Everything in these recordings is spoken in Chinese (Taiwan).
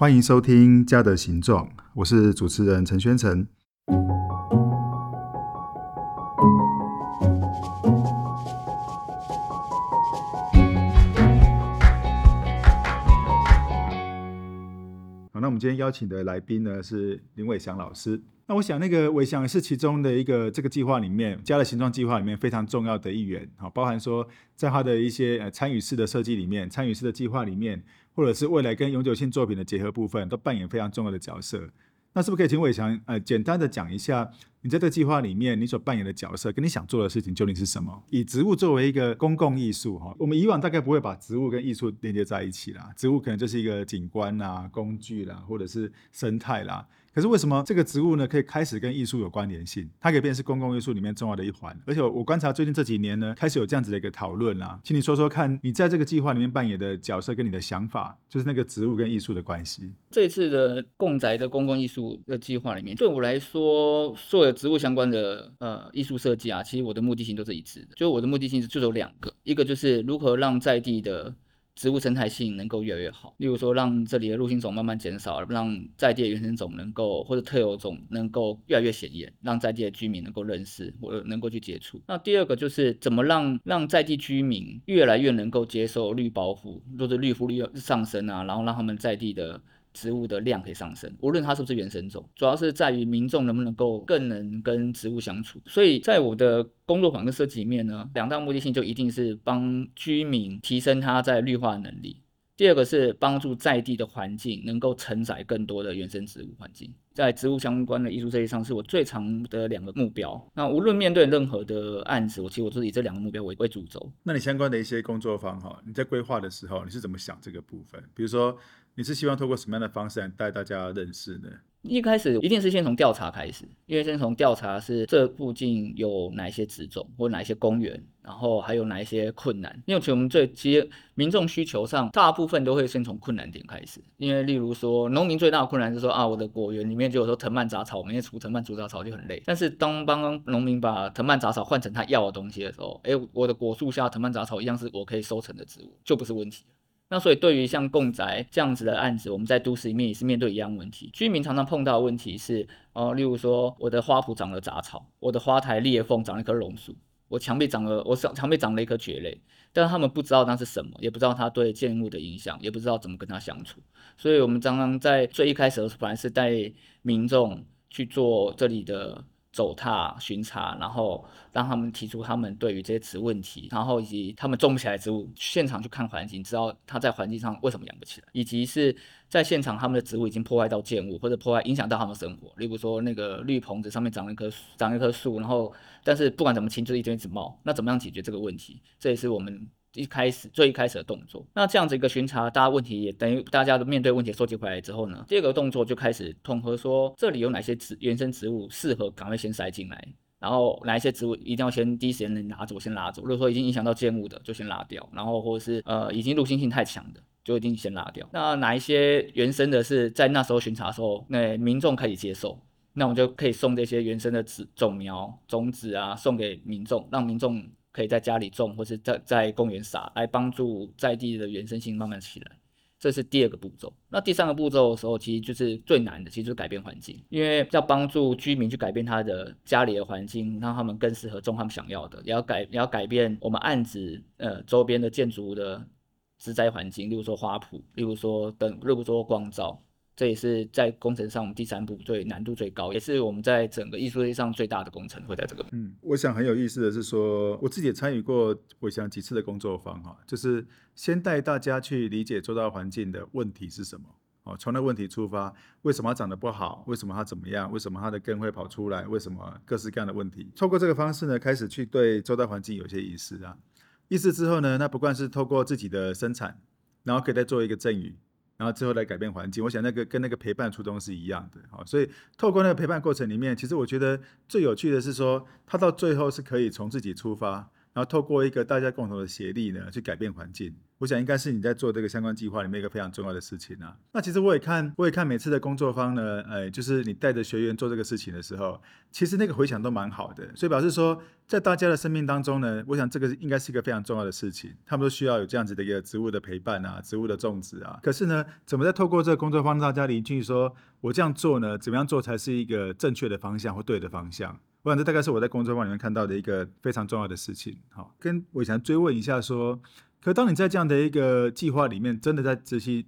歡迎收聽《家的形狀》，我是主持人陳宣誠。今天邀請的來賓呢是林暐翔老師。那我想那個暐翔是其中的一個這個計劃裡面，家的形狀計劃裡面非常重要的一員。好，包含說在他的一些呃參與式的設計裡面、參與式的計劃裡面，或者是未來跟永久性作品的結合部分，都扮演非常重要的角色。那是不是可以請暐翔呃，簡單的講一下，你在這個計劃裡面你所扮演的角色，跟你想做的事情究竟是什麼？以植物作為一個公共藝術哈，我們以往大概不會把植物跟藝術連接在一起啦，植物可能就是一個景觀啦、工具啦，或者是生態啦。可是為什麼這個植物呢可以開始跟藝術有關聯性？它可以變成是公共藝術裡面重要的一環。而且我觀察最近這幾年呢，開始有這樣子的一個討論啦。請你說說看你在這個計劃裡面扮演的角色跟你的想法，就是那個植物跟藝術的關係。這一次的共宅的公共藝術的計劃裡面，對我來說所有植物相關的呃藝術設計啊，其實我的目的性都是一致的。就我的目的性是就有兩個，一個就是如何讓在地的。植物生態性能夠越來越好，例如說讓這裡的入侵種慢慢減少，讓在地的原生種能夠或者特有種能夠越來越顯眼，讓在地的居民能夠認識，或者能夠去接觸。那第二個就是怎麼讓讓在地居民越來越能夠接受綠覆蓋，或、就、者、是、綠覆率上升啊，然後讓他們在地的。植物的量可以上升，無論它是不是原生種，主要是在於民眾能不能夠更能跟植物相處。所以在我的工作坊的設計裡面呢，兩大目的性就一定是幫居民提升他在綠化的能力。第二個是幫助在地的環境能夠承載更多的原生植物環境，在植物相關的藝術設計上，是我最長的兩個目標。那無論面對任何的案子，我其實我都是以這兩個目標為為主軸。那你相關的一些工作方法，你在規劃的時候你是怎麼想這個部分？比如說，你是希望通過什麼樣的方式來帶大家認識呢？一開始一定是先從調查開始，因為先從調查是這附近有哪一些植種或哪一些公園，然後還有哪一些困難。因為其實我們最其實民眾需求上，大部分都會先從困難點開始。因為例如說，農民最大的困難是說啊，我的果園裡面就有說藤蔓雜草，我每天除藤蔓除雜草就很累。但是當幫農民把藤蔓雜草換成他要的東西的時候，哎、欸，我的果樹下藤蔓雜草一樣是我可以收成的植物，就不是問題。那所以，對於像共宅這樣子的案子，我們在都市裡面也是面對一樣問題。居民常常碰到的問題是，哦，例如說，我的花圃長了雜草，我的花台裂縫長了一棵榕樹，我牆壁長了，我牆牆壁長了一顆蕨類，但是他們不知道那是什麼，也不知道它對建物的影響，也不知道怎麼跟它相處。所以，我們常常在最一開始的時候，本來是帶民眾去做這裡的。走踏巡查，然後讓他們提出他們對於這些植物問題，然後以及他們種不起來植物，現場去看環境，知道它在環境上為什麼養不起來，以及是在現場他們的植物已經破壞到建物或者破壞影響到他們生活，例如說那個綠棚子上面長了一棵長了一棵樹，然後但是不管怎麼清，就是一直一直冒，那怎麼樣解決這個問題？這也是我們。一開始最一開始的動作，那這樣子一個巡查，大家問題也等於大家的面對問題收集回來之後呢，第二個動作就開始統合說，說這裡有哪些植原生植物適合趕快先塞進來，然後哪一些植物一定要先第一時間能拿走先拿走，如果說已經影響到建物的就先拿掉，然後或者是呃已經入侵性太強的就一定先拿掉。那哪一些原生的是在那時候巡查的時候，那民眾開始接受，那我們就可以送這些原生的植種苗、種子啊，送給民眾，讓民眾。可以在家裡種，或者在在公園撒，來幫助在地的原生性慢慢起來。這是第二個步驟。那第三個步驟的時候，其實就是最難的，其實就是改變環境，因為要幫助居民去改變他的家裡的環境，讓他們更適合種他們想要的。也要改，也要改變我們案子呃周邊的建築物的植栽環境，例如說花圃，例如說燈，例如說光照。這也是在工程上我們第三步最難度最高，也是我們在整個藝術界上最大的工程會在這個。嗯，我想很有意思的是說，我自己也參與過，我想幾次的工作坊哈，就是先帶大家去理解周遭環境的問題是什麼，哦，從那問題出發，為什麼它長得不好，為什麼它怎麼樣，為什麼它的根會跑出來，為什麼各式各樣的問題，透過這個方式呢，開始去對周遭環境有些意識啊，意識之後呢，那不管是透過自己的生產，然後可以再做一個贈予。然後最後來改變環境，我想那個跟那個陪伴初衷是一樣的，好，所以透過那個陪伴過程裡面，其實我覺得最有趣的是說，他到最後是可以從自己出發。然後透過一個大家共同的協力呢，去改變環境，我想應該是你在做這個相關計劃裡面一個非常重要的事情啊。那其實我也看，我也看每次的工作坊呢，誒、哎，就是你帶着學員做這個事情的時候，其實那個迴響都蠻好的。所以表示說，在大家的生命當中呢，我想這個應該是一個非常重要的事情，他們都需要有這樣子的一個植物的陪伴啊，植物的種植啊。可是呢，怎麼在透過這個工作坊，大家凝聚說，我這樣做呢，怎麼樣做才是一個正確的方向或對的方向？我想這大概是我在工作坊裡面看到的一個非常重要的事情。好，跟我想追問一下說，可當你在這樣的一個計劃裡面，真的在執行，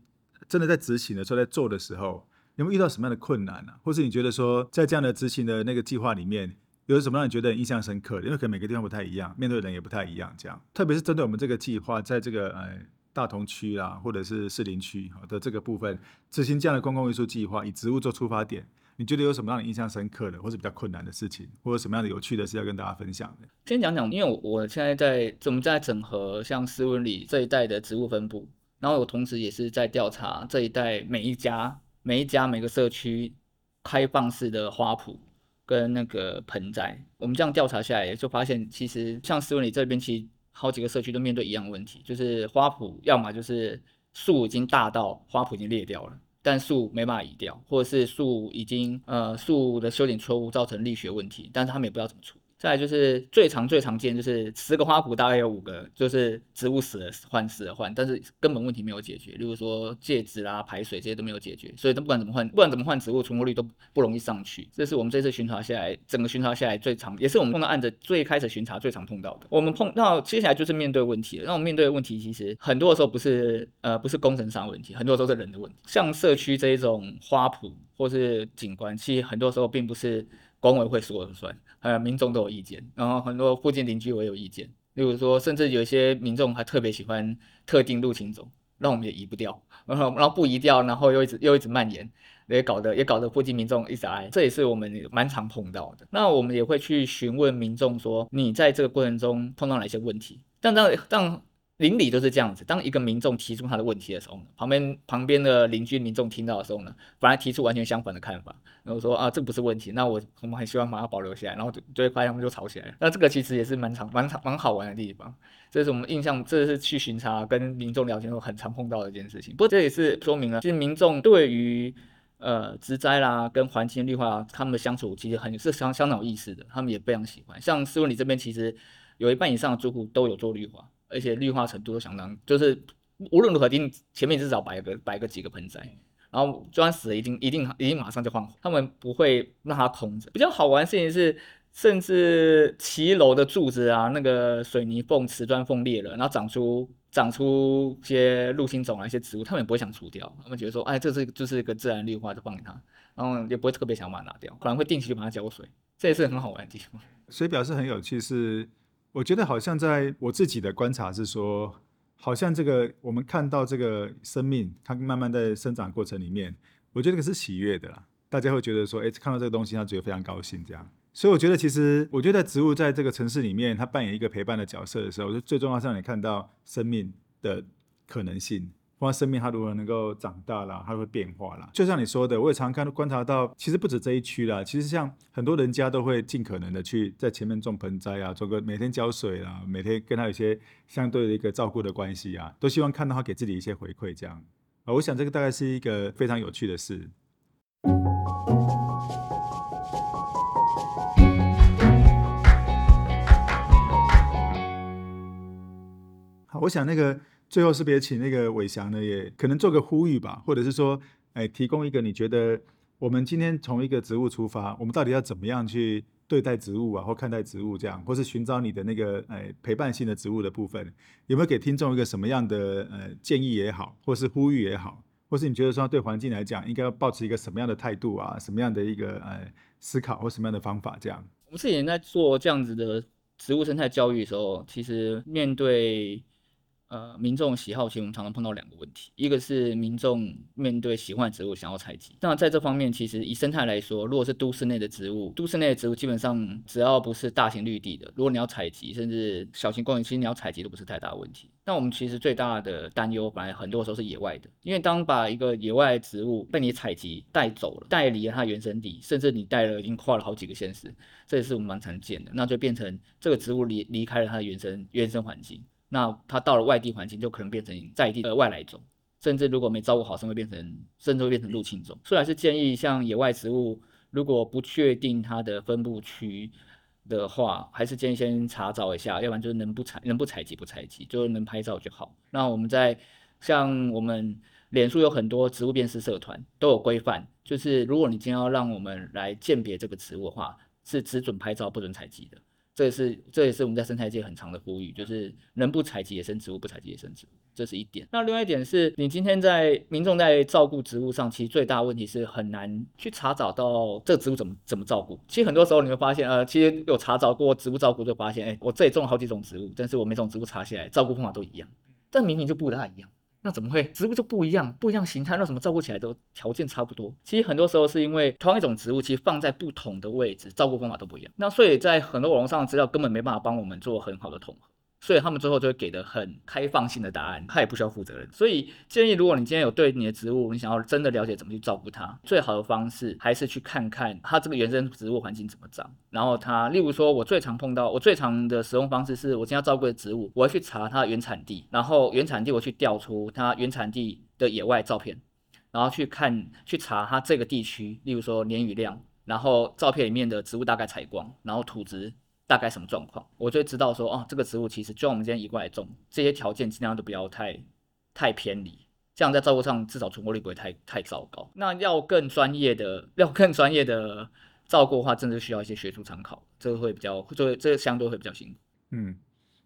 真的在執行的時候，在做的時候，你們遇到什麼樣的困難呢、啊？或是你覺得說，在這樣的執行的那個計劃裡面，有什麼讓你覺得你印象深刻的？因為可能每個地方不太一樣，面對的人也不太一樣，這樣。特別是針對我們這個計劃，在這個、哎、大同區啦，或者是士林區的這個部分，執行這樣的公共藝術計劃，以植物做出發點。你覺得有什麼讓你印象深刻的，或是比較困難的事情，或者什麼樣的有趣的事要跟大家分享的？先講講，因為我我現在在怎麼在整合像斯文里這一帶的植物分布，然後我同時也是在調查這一帶每一家、每一家、每個社區開放式的花圃跟那個盆栽。我們這樣調查下來，也就發現，其實像斯文里這邊，其實好幾個社區都面對一樣的問題，就是花圃要麼就是樹已經大到花圃已經裂掉了。但樹沒辦法移掉，或者是樹已經呃樹的修剪錯誤造成力學問題，但是他們也不知道怎麼處理。再來就是最常，最常見，就是十個花圃大概有五個，就是植物死了換死了換，但是根本問題沒有解決。例如說介質啦、排水這些都沒有解決，所以都不管怎麼換，不管怎麼換，植物存活率都不容易上去。這是我們這次巡查下來，整個巡查下來最常，也是我們碰到案子最開始巡查最常碰到的。我們碰到接下來就是面對問題了。那我們面對的問題，其實很多的時候不是呃不是工程上的問題，很多的時候是人的問題。像社區這一種花圃或是景觀，其實很多時候並不是。管委會說了算，還有民眾都有意見，然後很多附近鄰居我也有意見。例如說，甚至有一些民眾還特別喜歡特定入侵種，讓我們也移不掉，然後不移掉，然後又一直又一直蔓延，也搞得也搞得附近民眾一直挨。這也是我們蠻常碰到的。那我們也會去詢問民眾說，你在這個過程中碰到哪些問題？但讓讓。鄰里都是這樣子，當一個民眾提出他的問題的時候呢，旁邊旁邊的鄰居民眾聽到的時候呢，反而提出完全相反的看法，然後說啊，這不是問題，那我我們很希望把它保留下來，然後就就會發現他們就吵起來。那這個其實也是蠻常蠻常蠻好玩的地方，這是我們印象，這是去巡查跟民眾聊天後很常碰到的一件事情。不過這也是說明了，其實民眾對於呃植栽啦、跟環境綠化，他們的相處其實很是相相當有意思的，他們也非常喜歡。像斯文里這邊，其實有一半以上的住戶都有做綠化。而且綠化程度都相當，就是無論如何，一定前面至少擺個擺個幾個盆栽，然後磚死了，已經一定已經馬上就換，他們不會讓它空着。比較好玩的事情是，甚至騎樓的柱子啊，那個水泥縫、瓷磚縫裂了，然後長出長出些入侵種啊，一些植物，他們也不會想除掉，他們覺得說，哎，這是就是一個自然綠化，就放給他，然後也不會特別想把它拿掉，可能會定期就把它澆水，這也是很好玩的地方。所以表示很有趣，是。我覺得好像在我自己的觀察是說，好像這個我們看到這個生命，它慢慢在生長過程裡面，我覺得這個是喜悅的啦。大家會覺得說，哎、欸，看到這個東西，它覺得非常高興這樣。所以我覺得，其實我覺得植物在這個城市裡面，它扮演一個陪伴的角色的時候，我覺得最重要是讓你看到生命的可能性。它生命，它如果能夠長大了，它會變化了。就像你說的，我也常看觀察到，其實不止這一區啦。其實像很多人家都會盡可能的去在前面種盆栽啊，做個每天澆水啊，每天跟它有些相對的一個照顧的關係啊，都希望看到它給自己一些回饋這樣。啊，我想這個大概是一個非常有趣的事。好，我想那個。最後是別請那個暐翔呢，也可能做個呼籲吧，或者是說，哎、欸，提供一個你覺得我們今天從一個植物出發，我們到底要怎麼樣去對待植物啊，或看待植物這樣，或是尋找你的那個哎、欸、陪伴性的植物的部分，有沒有給聽眾一個什麼樣的呃建議也好，或是呼籲也好，或是你覺得說對環境來講應該要保持一個什麼樣的態度啊，什麼樣的一個哎、呃、思考或什麼樣的方法這樣？我們自己在做這樣子的植物生態教育的時候，其實面對。呃，民眾喜好，其實我們常常碰到兩個問題，一個是民眾面對喜歡植物想要採集。那在這方面，其實以生態來說，如果是都市內的植物，都市內的植物基本上只要不是大型綠地的，如果你要採集，甚至小型公園，其實你要採集都不是太大的問題。那我們其實最大的擔憂，本來很多時候是野外的，因為當把一個野外的植物被你採集帶走了，帶離了它原生地，甚至你帶了已經跨了好幾個縣市，這也是我們蠻常見的，那就變成這個植物離離開了它的原生原生環境。那它到了外地環境，就可能變成在地的外來種，甚至如果沒照顧好，甚至會變成甚至會變成入侵種。所以還是建議，像野外植物，如果不確定它的分布區的話，還是建議先查找一下，要不然就是能不採能不採集不採集，就是能拍照就好。那我們在像我們臉書有很多植物辨識社團都有規範，就是如果你今天要讓我們來鑑別這個植物的話，是只准拍照不准採集的。這也是這也是我們在生態界很長的呼籲，就是能不採集野生植物不採集野生植物，這是一點。那另外一點是你今天在民眾在照顧植物上，其實最大問題是很難去查找到這個植物怎麼怎麼照顧。其實很多時候你會發現，呃，其實有查找過植物照顧，就發現，哎，我這裡種了好幾種植物，但是我每種植物查起來照顧方法都一樣，但明明就不太一樣。那怎麼會植物就不一樣？不一樣形態，那怎麼照顧起來都條件差不多？其實很多時候是因為同一種植物，其實放在不同的位置，照顧方法都不一樣。那所以在很多網絡上的資料根本沒辦法幫我們做很好的統合。所以他們最後就會給得很開放性的答案，他也不需要負責任。所以建議，如果你今天有對你的植物，你想要真的了解怎麼去照顧它，最好的方式還是去看看它這個原生植物環境怎麼長。然後它，例如說，我最常碰到，我最常的使用方式是我今天要照顧的植物，我要去查它原產地，然後原產地我去調出它原產地的野外的照片，然後去看去查它這個地區，例如說年雨量，然後照片裡面的植物大概採光，然後土質。大概什麼狀況，我就會知道說，哦，這個植物其實，就我們今天移過來種，這些條件盡量都不要太太偏離，這樣在照顧上至少存活率不會太太糟糕。那要更專業的，要更專業的照顧的話，真的需要一些學術參考，這個會比較，這個相對會比較辛苦，嗯。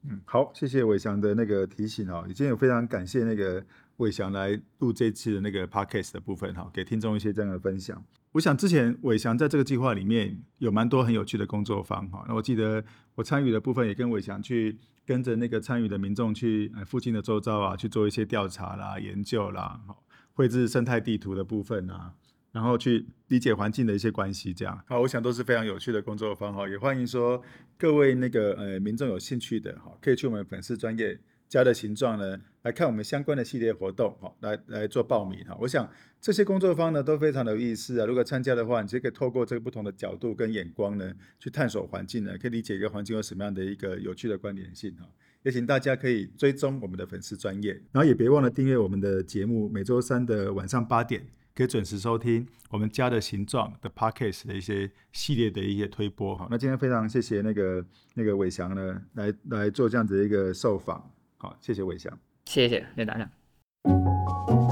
嗯，好，謝謝暐翔的那個提醒哦，也今天有非常感謝那個暐翔來錄這次的那個 podcast 的部分哈，哦，給聽眾一些這樣的分享。我想之前暐翔在這個計劃裡面有蠻多很有趣的工作坊哈。那我記得我參與的部分也跟暐翔去跟着那個參與的民眾去附近的周遭啊去做一些調查啦，研究啦，好，繪製生態地圖的部分啊。然後去理解環境的一些關係，這樣好，我想都是非常有趣的工作坊哈，也歡迎說各位那個呃民眾有興趣的哈，可以去我們粉絲專頁家的形狀呢來看我們相關的系列活動哈，來來做報名哈。我想這些工作坊呢都非常的有意思啊，如果參加的話，你就可以透過這個不同的角度跟眼光呢去探索環境呢，可以理解一個環境有什麼樣的一個有趣的關聯性哈。也請大家可以追蹤我們的粉絲專頁，然後也別忘了訂閱我們的節目，每週三的晚上八點，可以準時收聽我們家的形狀的 podcast 的一些系列的一些推播哈。那今天非常謝謝那個那個暐翔呢來來做這樣子的一個受訪，好、哦、謝謝暐翔，謝謝，謝謝大家。